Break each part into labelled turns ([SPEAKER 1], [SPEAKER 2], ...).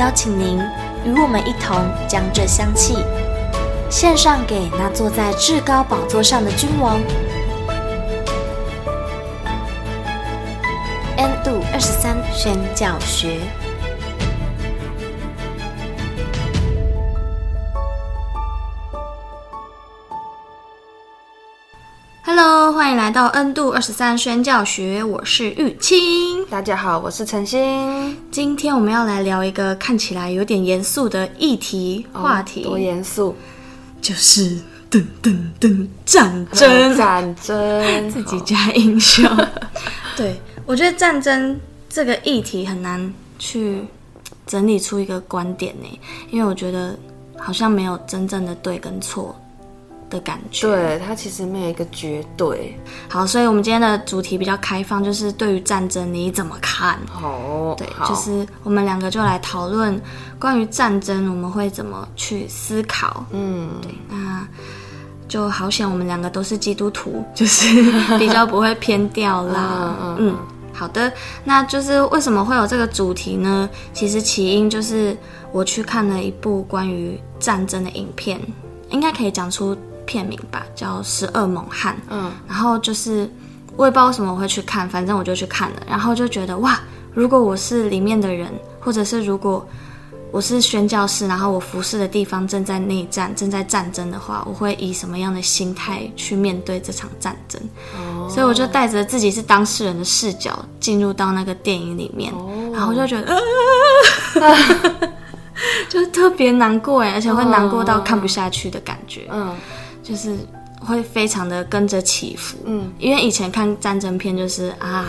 [SPEAKER 1] 邀請您與我們一同將這香氣獻上給那坐在至高寶座上的君王。n 度二十三宣教學。歡迎來到 N 度二十三宣教學，我是郁青。大家好，我是陳心。今天我們要來聊一個看起來有點嚴肅的議題、哦、話題，多嚴肅？就是噔噔噔，戰爭，戰爭，自己加音效。 對，我覺得戰爭這個議題很難去整理出一個觀點呢，因為我覺得好像沒有真正的對跟錯。的感覺，對，它其實沒有一個絕對。好，所以，我們今天的主題比較開放，就是對於戰爭你怎麼看？
[SPEAKER 2] 哦，對好，就是
[SPEAKER 1] 我們兩個就來討論關於戰爭，我們會怎麼去思考？嗯，對，那就好險，我們兩個都是基督徒，就是 比較不會偏掉啦嗯。嗯，好的，那就是為什麼會有這個主題呢？其實起因就是我去看了一部關於戰爭的影片，應該可以講出。片名吧，叫《十二猛漢》。嗯，然後就是我也不知道為什麼我會去看，反正我就去看了，然後就覺得哇，如果我是裡面的人，或者是如果我是宣教士，然後我服侍的地方正在內戰、正在戰爭的話，我會以什麼樣的心態去面對這場戰爭？哦、所以我就帶着自己是當事人的視角進入到那個電影裡面，哦、然後就覺得，哈、啊啊啊、 就特別難過哎，而且會難過到看不下去的感覺。哦、嗯。就是會非常的跟着起伏，嗯，因為以前看戰爭片就是啊，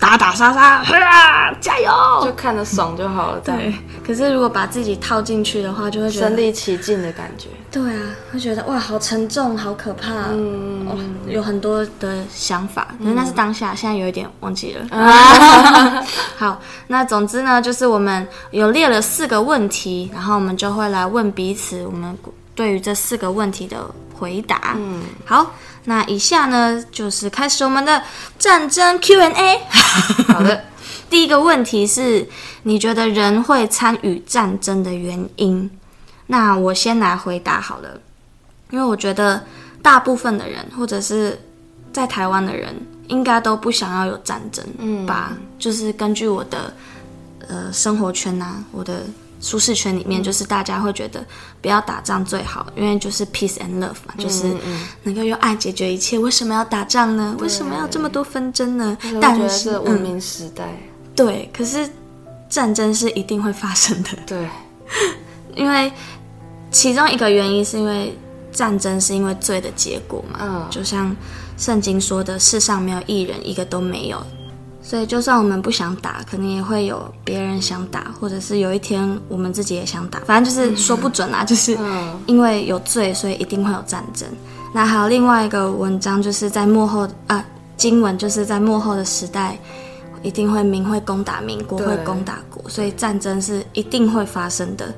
[SPEAKER 1] 打打殺殺，啊，加油，就看得爽就好了。對、嗯。可是如果把自己套進去的話，就會覺得身歷其境的感覺。對啊，會覺得哇，好沉重，好可怕，嗯，嗯有很多的想法。但、嗯、是，是當下現在有一點忘記了。嗯、 好，那總之呢，就是我們有列了四個問題，然後我們就會來問彼此，我們對於這四個問題的。回答，嗯，好，那以下呢就是開始我們的戰爭 Q&A。好的， 第一個問題是，你覺得人會參與戰爭的原因？那我先來回答好了，因為我覺得大部分的人，或者是在台灣的人，應該都不想要有戰爭。嗯，吧，就是根據我的呃生活圈啊，我的。舒適圈裡面，就是大家會覺得不要打仗最好，嗯、因為就是 peace and love 嘛，嗯嗯嗯就是能夠用愛解決一切。為什麼要打仗呢？為什麼要這麼多紛爭呢？但是文明時
[SPEAKER 2] 代，
[SPEAKER 1] 對，可是戰爭是一定會發生的。對，因為其中一個原因是因為戰爭是因為罪的結果嘛。嗯，就像聖經說的，世上沒有義人，一個都沒有。所以，就算我們不想打，可能也會有別人想打，或者是有一天我們自己也想打。反正就是說不準啦、嗯，就是因為有罪，所以一定會有戰爭。那還有另外一個文章，就是在末後，啊，經文就是在末後的時代，一定會民會攻打民，國會攻打國，所以戰爭是一定會發生的。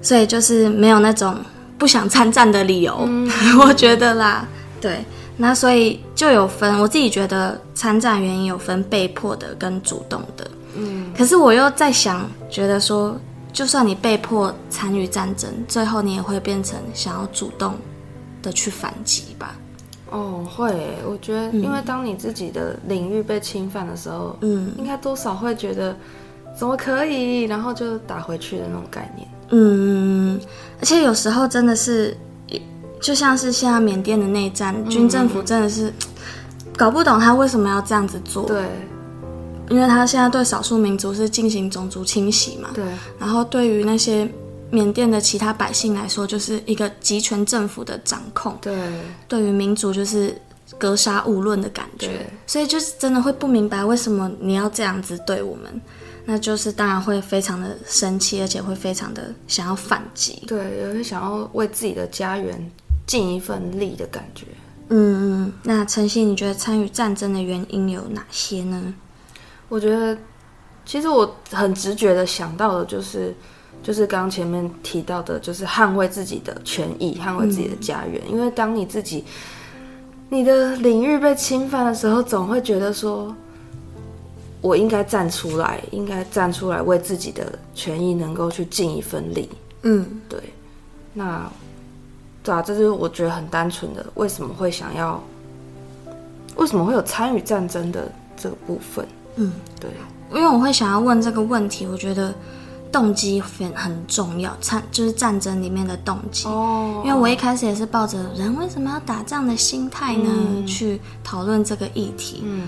[SPEAKER 1] 所以就是沒有那種不想參戰的理由，嗯、 我覺得啦，對。那所以就有分，我自己覺得參戰原因有分被迫的跟主動的，嗯。可是我又在想，覺得說，就算你被迫參與戰爭，最後你也會變成想要主動的去反擊吧？
[SPEAKER 2] 哦，會，我覺得，因為當你自己的領域被侵犯的時候，嗯，應該多少會覺得怎麼可以，然後就打回去的那種概念。嗯，
[SPEAKER 1] 而且有時候真的是。就像是現在緬甸的內戰，軍政府真的是、嗯、搞不懂他為什麼要這樣子做。對，因為他現在對少數民族是進行種族清洗嘛。對。然後對於那些緬甸的其他百姓來說，就是一個集權政府的掌控。對。對於民族就是格殺勿論的感覺。對。所以就是真的會不明白為什麼你要這樣子對我們，那就是當然會非常的
[SPEAKER 2] 生氣，而且會非常的想要反擊。
[SPEAKER 1] 對，有些想要
[SPEAKER 2] 為自己的家園。盡一份力的感覺，
[SPEAKER 1] 嗯嗯。那晨曦，你覺得參與戰爭的原因
[SPEAKER 2] 有哪些呢？我覺得，其實我很直覺的想到的，就是，就是就是剛剛前面提到的，就是捍衛自己的權益，捍衛自己的家園，嗯。因為當你自己你的領域被侵犯的時候，總會覺得說，我應該站出來，應該站出來為自己的權益能夠去盡一份力。嗯，對。那對啊，這是我覺得很單純的，為什麼會想要？為什麼會有參與戰爭的這個部分？
[SPEAKER 1] 嗯，對。因為我會想要問這個問題，我覺得動機很很重要，參就是戰爭裡面的動機。哦。因為我一開始也是抱着“人為什麼要打仗”的心態呢，嗯，去討論這個議題。嗯。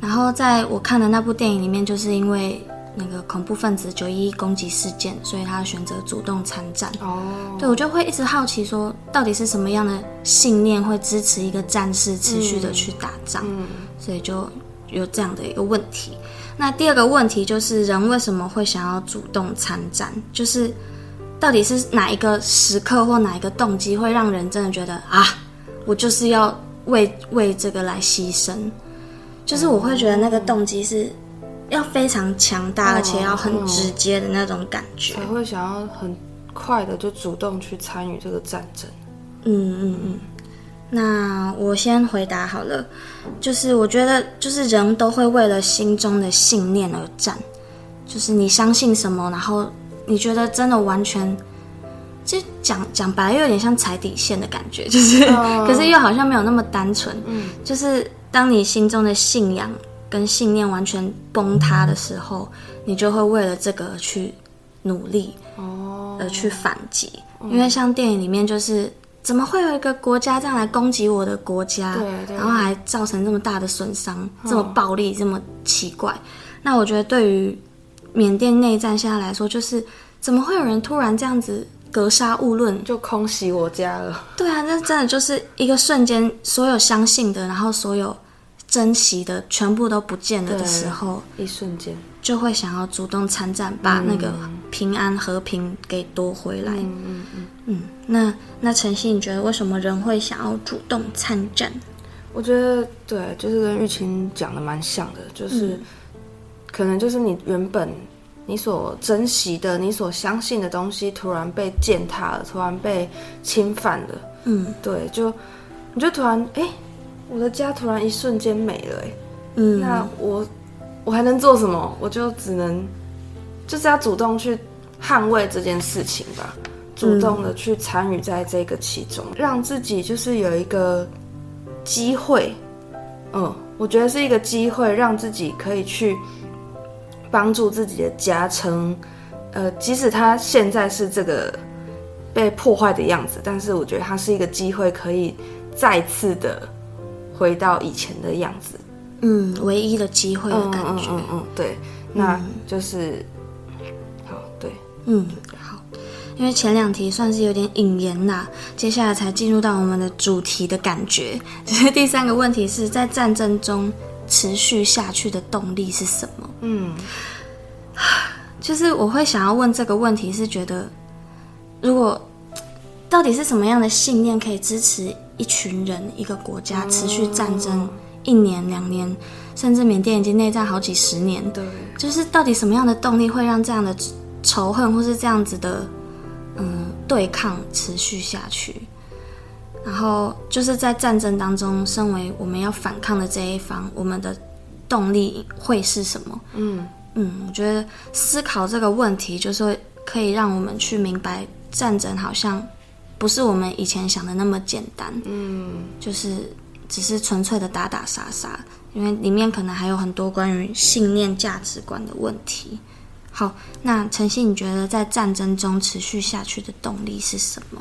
[SPEAKER 1] 然後，在我看的那部電影裡面，就是因為。那個恐怖分子九一一攻擊事件，所以他選擇主動參戰。哦、oh.，對，我就會一直好奇說，說到底是什麼樣的信念會支持一個戰士持續的去打仗？Mm. 所以就有這樣的一個問題。那第二個問題就是，人為什麼會想要主動參戰？就是到底是哪一個時刻或哪一個動機會讓人真的覺得啊，我就是要為為這個來犧牲？就是我會覺得那個動機是。要非常強大、哦，而且要很直接的那種感
[SPEAKER 2] 覺，才會想要很快的就主動去參與這個戰爭。
[SPEAKER 1] 嗯嗯嗯，那我先回答好了，就是我覺得，就是人都會為了心中的信念而戰，就是你相信什麼，然後你覺得真的完全，就講講白又有點像踩底線的感
[SPEAKER 2] 覺，就是、哦，可是又
[SPEAKER 1] 好像沒有那麼單純、嗯，就是當你心中的信仰。跟信念完全崩塌的時候，嗯、你就會為了這個去努力，哦、而去反擊、嗯。因為像電影裡面就是，怎麼會有一個國家這樣來攻擊我的國家？對，對對。然後還造成這麼大的損傷，這麼暴力、嗯，這麼奇怪。那我覺得對於緬甸內戰現在來說，就是怎麼會有人突然這樣子格殺勿論，就空襲我家了？對啊，那真的就是一個瞬間，所有相信的，然後所有。珍惜的全部都不見了的時候，一瞬間就會想要主動參戰，把那個平安和平給奪回來。嗯嗯嗯，嗯。那那晨曦，你覺得為什麼人會想要主動參戰？
[SPEAKER 2] 我覺得對，就是跟郁青講的蠻像的，就是、嗯、可能就是你原本你所珍惜的、你所相信的東西，突然被踐踏了，突然被侵犯了。嗯，對，就你就突然哎。欸我的家突然一瞬間沒了欸，欸、嗯。那我我還能做什麼？我就只能就是要主動去捍衛這件事情吧，
[SPEAKER 1] 主動的
[SPEAKER 2] 去參與在這個其中、嗯，讓自己就是有一個機會，嗯，我覺得是一個機會，讓自己可以去幫助自己的家成呃，即使他現在是這個被破壞的樣子，但是我覺得他是一個機會，可以再次的。回到以前的樣子，嗯，唯一的機會的感覺，嗯嗯，嗯，嗯對，那就是，嗯，好，對，
[SPEAKER 1] 嗯，好，因為前兩題算是有點引言啦，接下來才進入到我們的主題的感覺。就是第三個問題是在戰爭中持續下去的動力是什麼？嗯，就是我會想要問這個問題，是覺得如果到底是什麼樣的信念可以支持？一群人、一個國家持續戰爭一年、嗯、兩年，甚至緬甸已經內戰好幾十年。對，就是到底什麼樣的動力會讓這樣的仇恨或是這樣子的嗯對抗持續下去？然後就是在戰爭當中，身為我們要反抗的這一方，我們的動力會是什麼？嗯嗯，我覺得思考這個問題，就是可以讓我們去明白戰爭好像。不是我們以前想的那麼簡單，嗯，就是只是純粹的打打殺殺，因為裡面可能還有很多關於信念、價值觀的問題。好，那晨曦，你覺得在戰爭中持續下去的動力是什麼？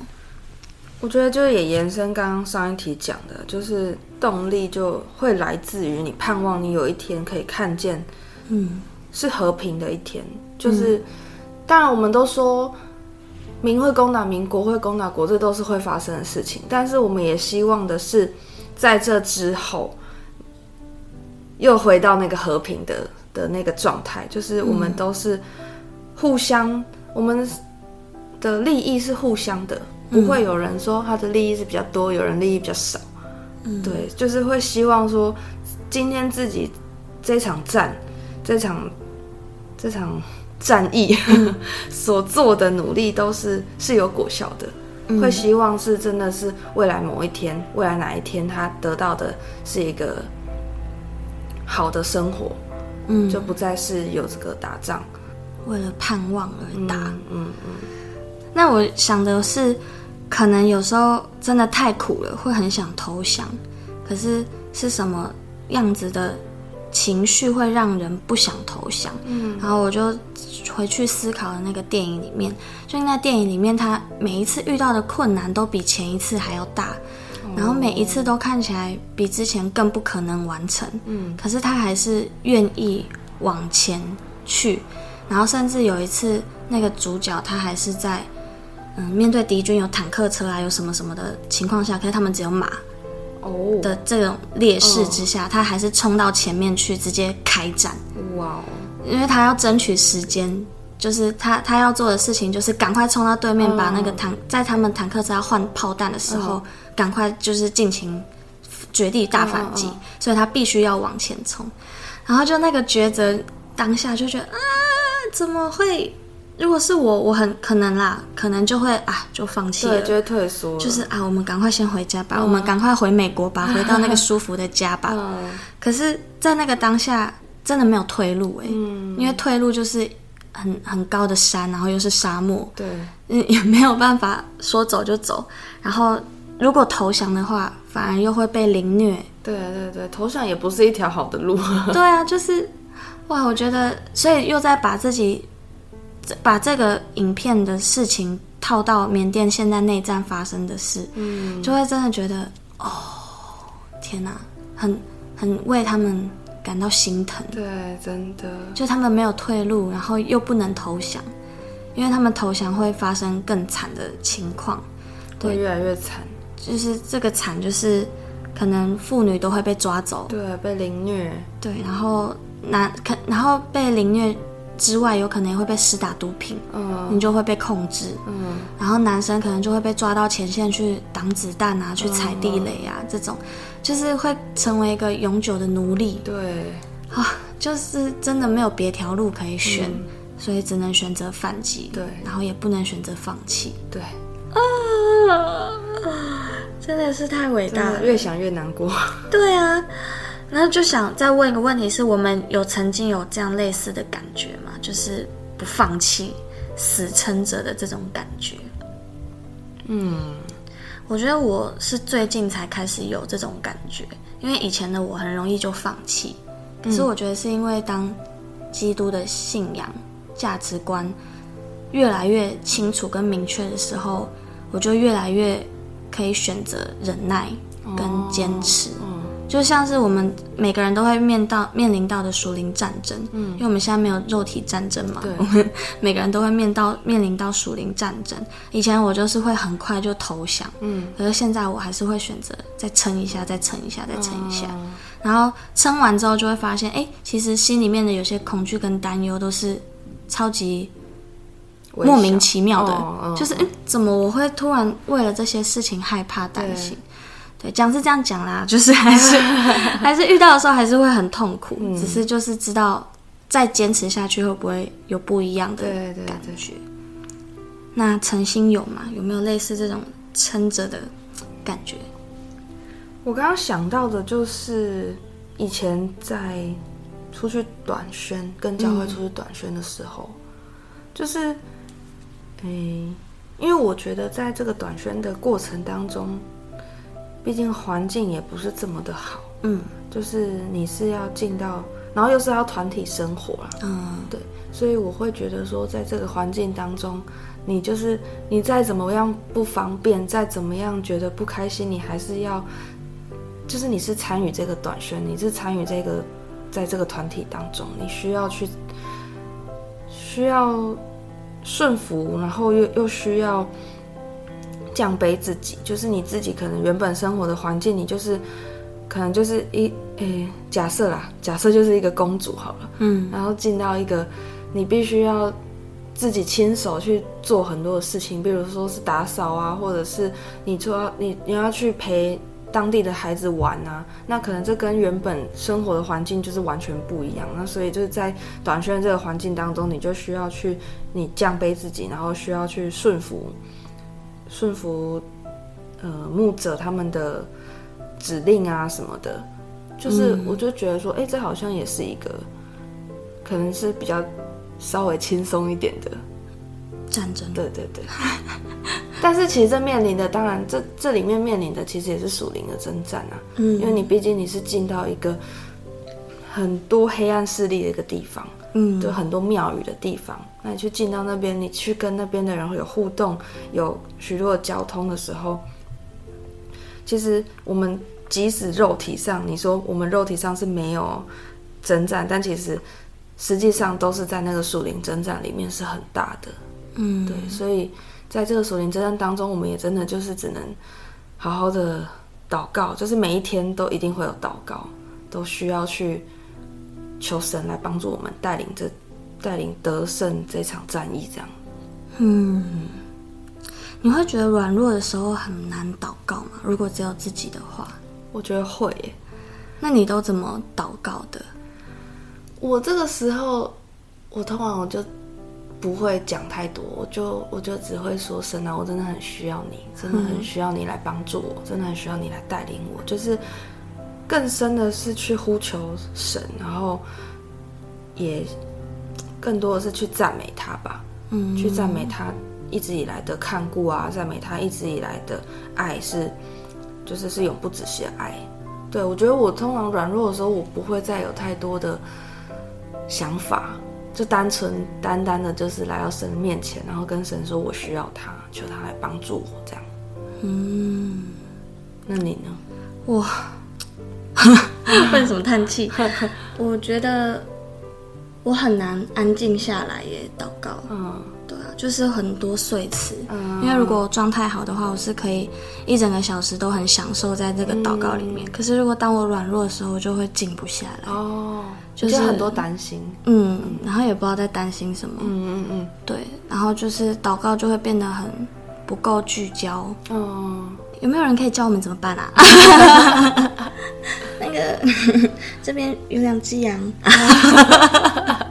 [SPEAKER 2] 我覺得就也延伸剛剛上一題講的，就是動力就會來自於你盼望你有一天可以看見，嗯，是和平的一天。就是、嗯、當然，我們都說。民會攻打民，國會攻打國，這都是會發生的事情。但是我們也希望的是，在這之後，又回到那個和平的的那個狀態，就是我們都是互相，我們的利益是互相的，不會有人說他的利益是比較多，有人利益比較少。對，就是會希望說，今天自己這場戰，這場，這場。戰役所做的努力都是是有果效的，嗯，會希望是真的是未來某一天，未來哪一天他得到的是一個好的生活，嗯，就不再是有這個打仗，
[SPEAKER 1] 為了盼望而
[SPEAKER 2] 打，嗯，嗯嗯。
[SPEAKER 1] 那我想的是，可能有時候真的太苦了，會很想投降，可是是什麼樣子的？情緒會讓人不想投降，嗯，然後我就回去思考了那個電影裡面，就那電影裡面，他每一次遇到的困難都比前一次還要大，哦，然後每一次都看起來比之前更不可能完成，嗯，可是他還是願意往前去，然後甚至有一次那個主角他還是在，嗯，面對敵軍有坦克車啊，有什麼什麼的情況下，可是他們只有馬。的這種劣勢之下，oh. 他還是衝到前面去直接開戰。哇、wow. 因為他要爭取時間，就是他他要做的事情就是趕快衝到對面，把那個坦、oh. 在他們坦克車要換炮彈的時候，趕、oh. 快就是進行絕地大反擊，oh. Oh. Oh. 所以他必須要往前衝。然後就那個抉擇當下就覺得啊，怎麼會？如果是我，我很可能啦，可能就會啊，就放棄，了，就會退縮，就是啊，我們趕快先回家吧，啊、我們趕快回美國吧， 回到那個舒服的家吧。啊、可是，在那個當下，真的沒有退路哎、欸嗯，因為退路就是很很高的山，然後又是沙漠，對，嗯，也沒有辦法說走就走。然後，如果投降的話，反而又會被凌虐。對、啊、
[SPEAKER 2] 對對，投降也不是一條好的路。 對
[SPEAKER 1] 啊，就是哇，我覺得，所以又在把自己。把這個影片的事情套到緬甸現在內戰發生的事，嗯、就會真的覺得哦，天哪，很很為他們感到心疼。對，真的。就他們沒有退路，然後又不能投降，因為他們投降會發生更慘的情況。對，會越來越慘。就是這個慘，就是可能婦女都會被抓走。對，被凌虐。對，然後男可，然後被凌虐。之外，有可能也會被施打毒品，嗯、你就會被控制，嗯，然後男生可能就會被抓到前線去擋子彈啊，嗯、去踩地雷啊，嗯，這種，就是會成為一個永久的奴隸，對，啊，就是真的沒有別條路可以選，嗯、所以只能選擇反擊，對，然後也不能選擇放棄，對，啊， 真的是太偉大了，越想越難過， 對啊。那就想再問一個問題，是我們有曾經有這樣類似的感覺嗎？就是不放棄、死撐着的這種感覺。嗯，我覺得我是最近才開始有這種感覺，因為以前的我很容易就放棄。可是我覺得是因為當基督的信仰、價值觀越來越清楚跟明確的時候，我就越來越可以選擇忍耐跟堅持。哦就像是我們每個人都會面到面臨到的屬靈戰爭，嗯，因為我們現在沒有肉體戰爭嘛，對，我們每個人都會面到面臨到屬靈戰爭。以前我就是會很快就投降，嗯，可是現在我還是會選擇再撐一下，再撐一下，再撐一下，嗯，然後撐完之後就會發現，哎、欸，其實心裡面的有些恐懼跟擔憂都是超級
[SPEAKER 2] 莫名其妙的，哦、就是
[SPEAKER 1] 哎、欸，怎麼我會突然為了這些事情害怕擔心？對，講是這樣講啦，就是還是 還是遇到的時候還是會很痛苦，嗯，只是就是知道再堅持下去會不會有不一樣的感覺。對對對對。那誠心有嗎？有沒有類似這種撐着的感覺？
[SPEAKER 2] 我剛剛想到的就是以前在出去短宣，跟教會出去短宣的時候，嗯，就是，嗯，因為我覺得在這個短宣的過程當中。畢竟環境也不是這麼的好，嗯，就是你是要進到，然後又是要團體生活啦，啊，嗯，對，所以我會覺得說，在這個環境當中，你就是你再怎麼樣不方便，再怎麼樣覺得不開心，你還是要，就是你是參與這個短宣，你是參與這個，在這個團體當中，你需要去，需要順服，然後又又需要。降卑自己，就是你自己可能原本生活的環境，你就是，可能就是一，誒、欸，假設啦，假設就是一個公主好了，嗯，然後進到一個，你必須要自己親手去做很多的事情，比如說是打掃啊，或者是你說你你要去陪當地的孩子玩啊，那可能這跟原本生活的環境就是完全不一樣，那所以就是在短宣這個環境當中，你就需要去你降卑自己，然後需要去順服。順服，呃，牧者他們的指令啊什麼的，就是我就覺得說，哎、嗯欸，這好像也是一個，可能是比較稍微輕鬆一點的戰爭。對對對。 但是其實這面臨的，當然這這裡面面臨的，其實也是屬靈的征戰啊。嗯。因為你畢竟你是進到一個很多黑暗勢力的一個地方。嗯，就很多廟宇的地方，嗯、那你去進到那邊，你去跟那邊的人會有互動，有許多的交通的時候，其實我們即使肉體上，你說我們肉體上是沒有爭戰，但其實實際上都是在那個屬靈爭戰裡面是很大的，嗯，對，所以在這個屬靈爭戰當中，我們也真的就是只能好好的禱告，就是每一天都一定會有禱告，都需要去。求神來幫助我們，帶領這、帶領得勝這場戰役。這樣，嗯，
[SPEAKER 1] 你會覺得軟弱的時候很難禱告嗎？如果只
[SPEAKER 2] 有自己的話，我覺得會。那你都怎麼禱告的？我這個時候，我通常我就不會講太多，我就我就只會說神啊，我真的很需要你，真的很需要你來幫助我，嗯、真的很需要你來帶領我，就是。更深的是去呼求神，然後也更多的是去讚美他吧，嗯，去讚美他一直以來的看顧啊，讚美他一直以來的愛是，就是是永不止息的愛。對，我覺得我通常軟弱的時候，我不會再有太多的想法，就單純單單單的就是來到神面前，然後跟神說我需要他，求他來幫助我這樣。嗯，
[SPEAKER 1] 那你呢？我。 為什麼嘆氣？ 我覺得我很難安靜下來耶，禱告。嗯，對啊，就是很多碎詞、嗯。因為如果我狀態好的話，我是可以一整個小時都很享受在這個禱告裡面、嗯。可是如果當我軟弱的時候，我就會靜不下
[SPEAKER 2] 來。
[SPEAKER 1] 哦，就是很，就很多擔心，嗯，然後也不知道在擔心什麼。嗯嗯嗯，對，然後就是禱告就會變得很不夠聚焦。嗯。有沒有人可以教我們怎麼辦啊？ 那個這邊有兩只羊，
[SPEAKER 2] 啊、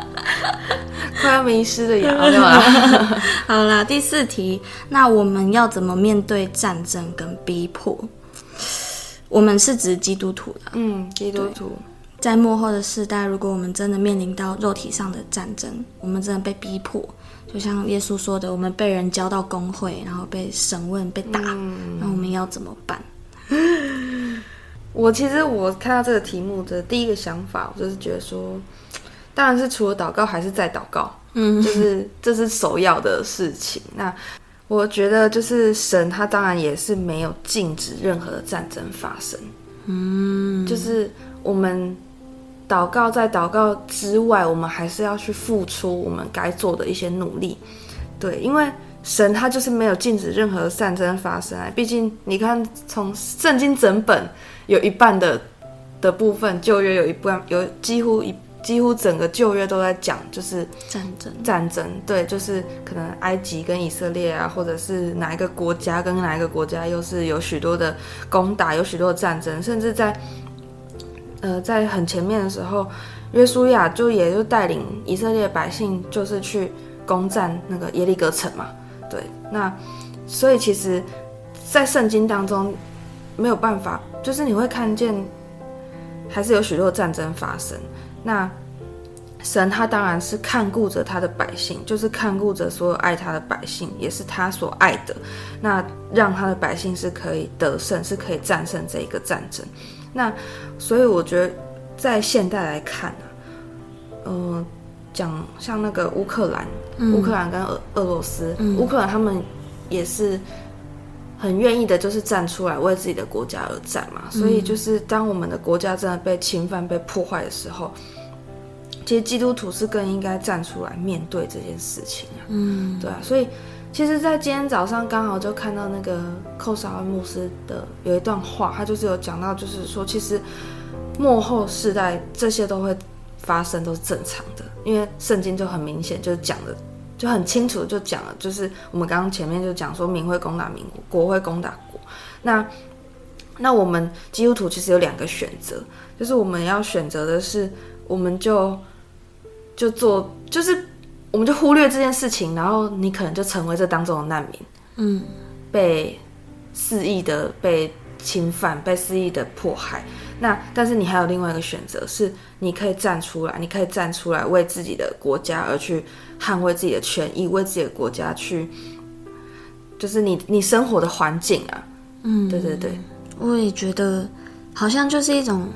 [SPEAKER 2] 快要迷失的羊 對嗎
[SPEAKER 1] 好啦，第四題，那我們要怎麼面對戰爭跟逼迫？我們是指基督徒的，嗯，基督徒在末後的世代，如果我們真的面臨到肉體上的戰爭，我們真的被逼迫。就像耶穌說的，我們被人交到公會，然後被審問、被打，那、嗯、我們要怎麼
[SPEAKER 2] 辦？我其實我看到這個題目的第一個想法，我就是覺得說，當然是除了禱告，還是再禱告，嗯，就是這是首要的事情。那我覺得就是神，他當然也是沒有禁止任何的戰爭發生，嗯，就是我們。禱告，在禱告之外，我們還是要去付出我們該做的一些努力，對，因為神他就是沒有禁止任何戰爭發生。畢竟你看，從聖經整本有一半的的部分，舊約有一半，有幾乎一幾乎整個舊約都在講就是戰爭，戰爭，對，就是可能埃及跟以色列啊，或者是哪一個國家跟哪一個國家又是有許多的攻打，有許多的戰爭，甚至在。呃，在很前面的時候，約書亞就也就帶領以色列的百姓，就是去攻占那個耶利哥城嘛。對，那所以其實，在聖經當中，沒有辦法，就是你會看見，還是有許多戰爭發生。那神他當然是看顧着他的百姓，就是看顧着所有愛他的百姓，也是他所愛的。那讓他的百姓是可以得勝，是可以戰勝這一個戰爭。那，所以我覺得，在現代來看呢、啊呃，嗯，講像那個烏克蘭，烏克蘭跟俄羅斯，嗯，烏克蘭他們也是很願意的，就是站出來為自己的國家而戰嘛。所以，就是當我們的國家真的被侵犯、被破壞的時候，其實基督徒是更應該站出來面對這件事情啊。嗯，對啊，所以。其實，在今天早上剛好就看到那個寇薩爾牧師的有一段話，他就是有講到，就是說，其實末後世代這些都會發生，都是正常的，因為聖經就很明顯就，就是講的就很清楚，就講了，就是我們剛剛前面就講說，民會攻打民，國會攻打國。那那我們基督徒其實有兩個選擇，就是我們要選擇的是，我們就就做，就是。我們就忽略這件事情，然後你可能就成為這當中的難民，嗯，被肆意的被侵犯，被肆意的迫害。那但是你還有另外一個選擇，是你可以站出來，你可以站出來為自己的國家而去捍衛自己的權益，為自己的國家去，就是你你生活的環境啊，嗯，對對對，
[SPEAKER 1] 我也覺得好像就是一種。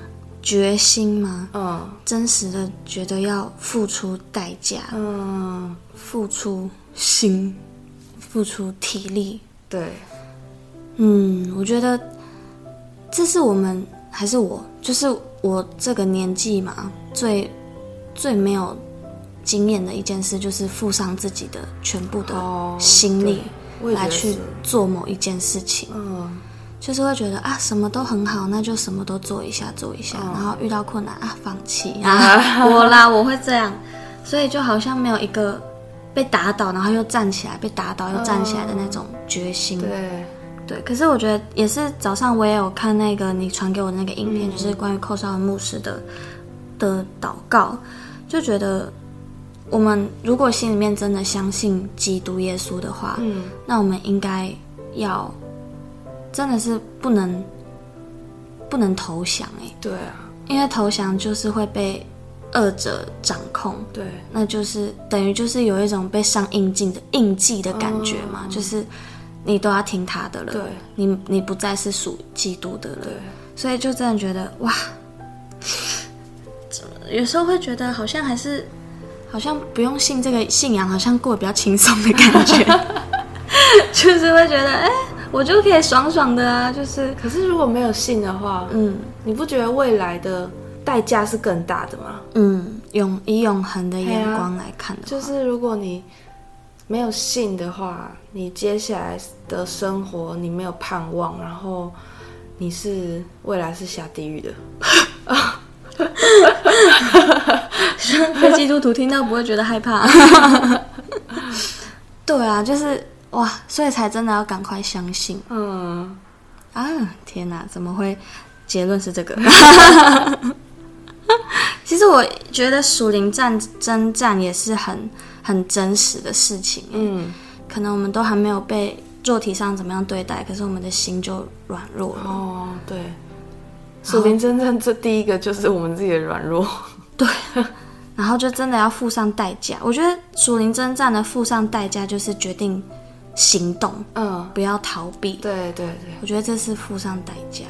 [SPEAKER 1] 決心嗎？嗯，真實的覺得要付出代價，嗯，付出心，付出體力，對，嗯，我覺得這是我們還是我，就是我這個年紀嘛，最最沒有經驗的一件事，就是付上自己的全部的心力來去做某一件事情，哦、嗯。就是會覺得啊，什麼都很好，那就什麼都做一下，做一下，哦、然後遇到困難啊，放棄啊，我啦，我會這樣， 所以就好像沒有一個被打倒，然後又站起來，被打倒又站起來的那種決心、哦。對，對。可是我覺得也是，早上我也有看那個你傳給我的那個影片，嗯、就是關於寇紹恩牧師的的禱告，就覺得我們如果心裡面真的相信基督耶穌的話，嗯、那我們應該要。真的是不能不能投降，哎、欸，
[SPEAKER 2] 對
[SPEAKER 1] 啊，因為投降就是會被惡者掌控，對，那就是等於就是有一種被上印記的印記的感覺嘛、哦，就是你都要聽他的了，對，你你不再是屬基督的了對，所以就真的覺得哇，有時候會覺得好像還是好像不用信這個信仰，好像過得比較輕鬆的
[SPEAKER 2] 感覺， 就是會覺得哎。欸我就可以爽爽的，啊。就是。可是如果沒有信的話，嗯，你不覺得未來的代價是更大的嗎？嗯，永以永恆的眼光來看的，嗯的，來看的，就是如果你沒有信的話，你接下來的生活你沒有盼望，然後你是未來是下地獄的。
[SPEAKER 1] 哈 基督徒聽到不會覺得害怕、啊。 對啊，就是。哇，所以才真的要趕快相信。嗯，啊，天哪，怎麼會？結論是這個。 其實我覺得屬靈戰，爭戰也是很很真實的事情。嗯，可能我們都還沒有被肉體上怎麼樣對待，可是我們的心就軟弱
[SPEAKER 2] 了。哦，對，屬靈爭戰這第一個就是我們自己的軟弱。對，
[SPEAKER 1] 然後就真的要付上代價。我覺得屬靈爭戰的付上代價就是決定。行動，嗯，不要逃避。對對對，我覺得這是付上代價，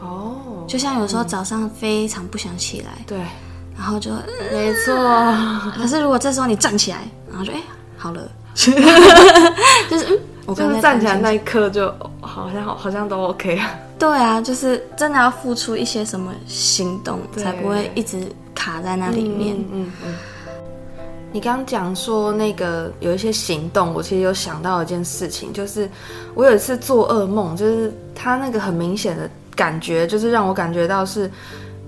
[SPEAKER 1] 哦、oh,
[SPEAKER 2] okay. 就像有時候早
[SPEAKER 1] 上非常不想起來，對，然後就沒錯、呃，可是如果這時候你站起來，然
[SPEAKER 2] 後就哎、欸，好了， 就是
[SPEAKER 1] 我剛才、就是、站起來那一
[SPEAKER 2] 刻，就好像好像都 OK 啊，
[SPEAKER 1] 對啊，就是真的要付出一些什麼行動，才不會一
[SPEAKER 2] 直卡在那裡面，嗯嗯。嗯嗯你剛剛講說那個有一些行動，我其實有想到有一件事情，就是我有一次做噩夢，就是他那個很明顯的感覺，就是讓我感覺到是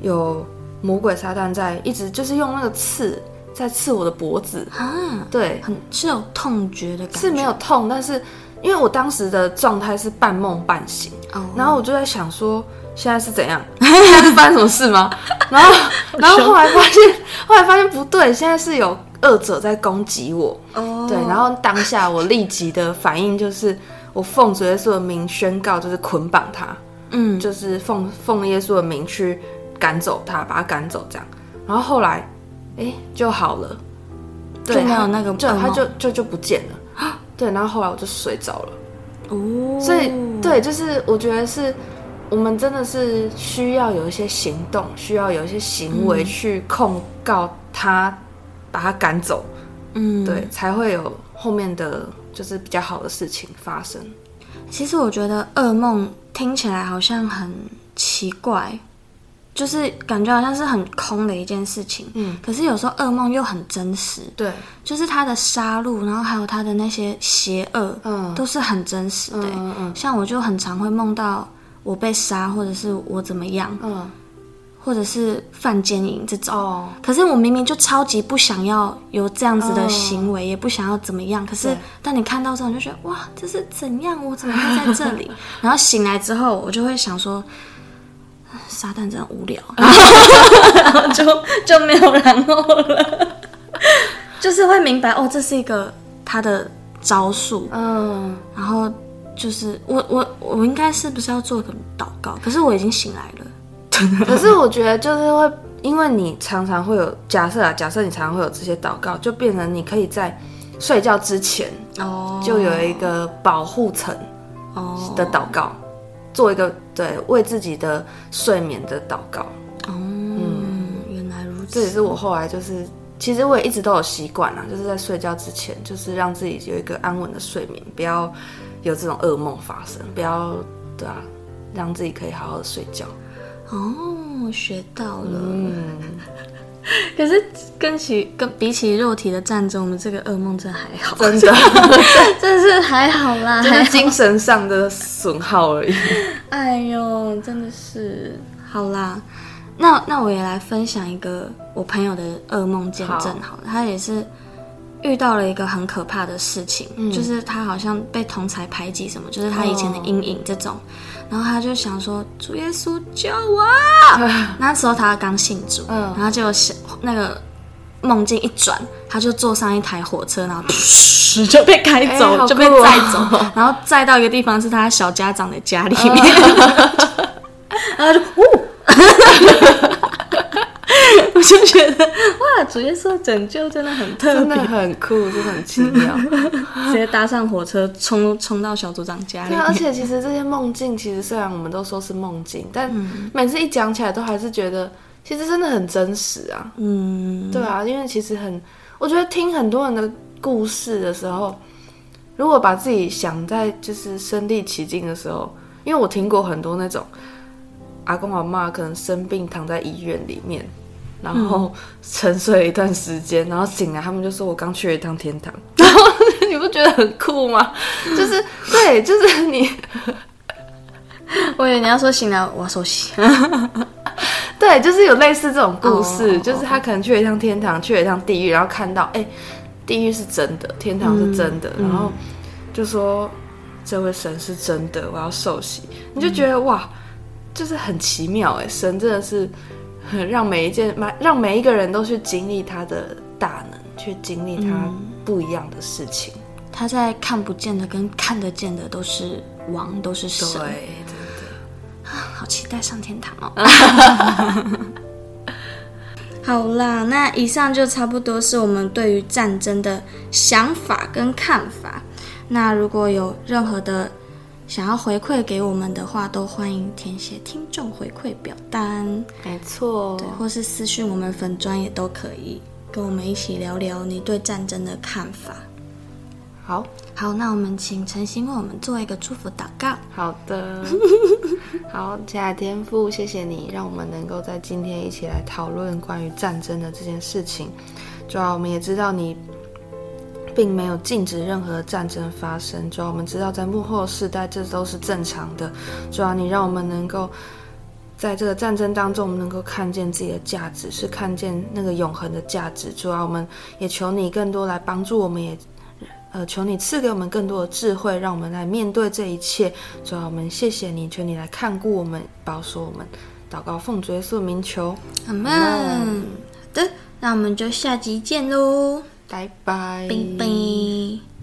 [SPEAKER 2] 有魔鬼撒旦在一直就是用那個刺在刺我的脖子，啊，對，很是有痛覺的感覺，感是沒有痛，但是因為我當時的狀態是半夢半醒，哦，然後我就在想說現在是怎樣？是發生什麼事嗎？ 然後，然後後來發現， 後來發現不對，現在是有惡者在攻擊我。哦、oh.，對，然後當下我立即的反應就是，我奉主耶穌的名宣告，就是捆綁他，嗯，就是奉奉耶穌的名去趕走他，把他趕走這樣。然後後來，哎、欸，就好了，對，還有那個就，就他就就就不見了。對，然後後來我就睡着了。哦、oh.，所以對，就是我覺得是。我們真的是需要有一些行動，需要有一些行為去控告他，把他趕走，
[SPEAKER 1] 嗯，對，
[SPEAKER 2] 才會有後面的，就是比較好的事情發生。
[SPEAKER 1] 其實我覺得噩夢聽起來好像很奇怪，就是感覺好像是很空的一件事情，嗯。可是有時候噩夢又很真實，對，就是他的殺戮，然後還有他的那些邪惡，嗯，都是很真實的。嗯，嗯，嗯，像我就很常會夢到。我被殺，或者是我怎麼樣，嗯、或者是犯奸淫這種、哦。可是我明明就超級不想要有這樣子的行為，哦、也不想要怎麼樣。可是當你看到之後，你就覺得哇，這是怎樣？我怎麼會在這裡？ 然後醒來之後，我就會想說，撒旦真的無聊，嗯、 然後就就沒有然後了。 就是會明白哦，這是一個他的招數。嗯，然後。就是我我我應該是不是要做個
[SPEAKER 2] 禱告？可是我已經醒來了。 可是我覺得就是會，因為你常常會有假設啊，假設你常常會有這些禱告，就變成你可以在睡覺之前就有一個保護層的禱告，做一個對為自己的睡眠的禱告。哦，嗯，原
[SPEAKER 1] 來如
[SPEAKER 2] 此。這也是我後來就是，其實我也一直都有習慣啊，就是在睡覺之前，就是讓自己有一個安穩的睡眠，不要。有這種噩夢發生，不要對啊，讓自己可以好好睡覺。
[SPEAKER 1] 哦，學到了。嗯，可是跟起跟比起肉體的戰爭，我們這個噩夢真的還好，真的， 真的是還好啦，就精神上的損耗而已。哎呦，真的是好啦。那那我也來分享一個我朋友的噩夢見證，好，他也是。遇到了一個很可怕的事情，嗯、就是他好像被同儕排擠什麼，就是他以前的陰影這種。哦、然後他就想說主耶穌救我。那時候他剛信主，嗯、然後就想那個夢境一轉，他就坐上一台火車，然後、呃、就被開走、哎哦，就被載走然後載到一個地方是他小家長的家裡面，然、哦、後、 啊、就嗚。哦 就覺得哇，主角受拯救真的很特別，真的很酷，真的很奇妙。
[SPEAKER 2] 直接搭上火車，衝衝到小組長家裡面。對啊，而且其實這些夢境，其實雖然我們都說是夢境，但每次一講起來，都還是覺得其實真的很真實啊。嗯，對啊，因為其實很，我覺得聽很多人的故事的時候，如果把自己想在就是身歷其境的時候，因為我聽過很多那種，阿公阿嬤可能生病躺在醫院裡面。然後沉睡了一段時間，嗯、然後醒來，他們就說：“我剛去了一趟天堂。”然後 你不覺得很酷嗎？ 就是對，就是你，我以為
[SPEAKER 1] 你要說醒來 我要受收洗。
[SPEAKER 2] 對，就是有類似這種故事，oh, oh, oh, okay. 就是他可能去一趟天堂，去一趟地獄，然後看到哎，地獄是真的，天堂是真的，嗯、然後就說、嗯、這位神是真的，我要受洗。嗯、你就覺得哇，就是很奇妙哎，神真的是。讓每一件，讓每一個人都去經歷他的大能，去經歷他不一樣的事情。嗯、他
[SPEAKER 1] 在看不見的跟看得見的都是王，都是神。對，真的、啊。好期待上天堂哦！ 好啦，那以上就差不多是我們對於戰爭的想法跟看法。那如果有任何的。想要回饋給我們的話，都歡迎填寫聽眾回饋表單，沒錯，對，或是私訊我們粉專也都可以，跟我們一起聊聊你對戰爭的看法。好，
[SPEAKER 2] 好，那我們請誠心為我們做一個祝福禱告。好的， 好，親愛的天父，謝謝你讓我們能夠在今天一起來討論關於戰爭的這件事情。主要我們也知道你，並沒有禁止任何戰爭發生，主啊，我們知道在末後世代，這都是正常的。主啊，你讓我們能夠在這個戰爭當中，我們能夠看見自己的價值，是看見那個永恆的價值。主啊，我們也求你更多來幫助我們，也呃求你賜給我們更多的智慧，讓我們來面對這一切。主啊，我們謝謝你，求你來看顧我們，保守我們。禱告奉主耶穌名求好嗎好，好的，
[SPEAKER 1] 那我們就下集見嘍。拜拜，拜拜。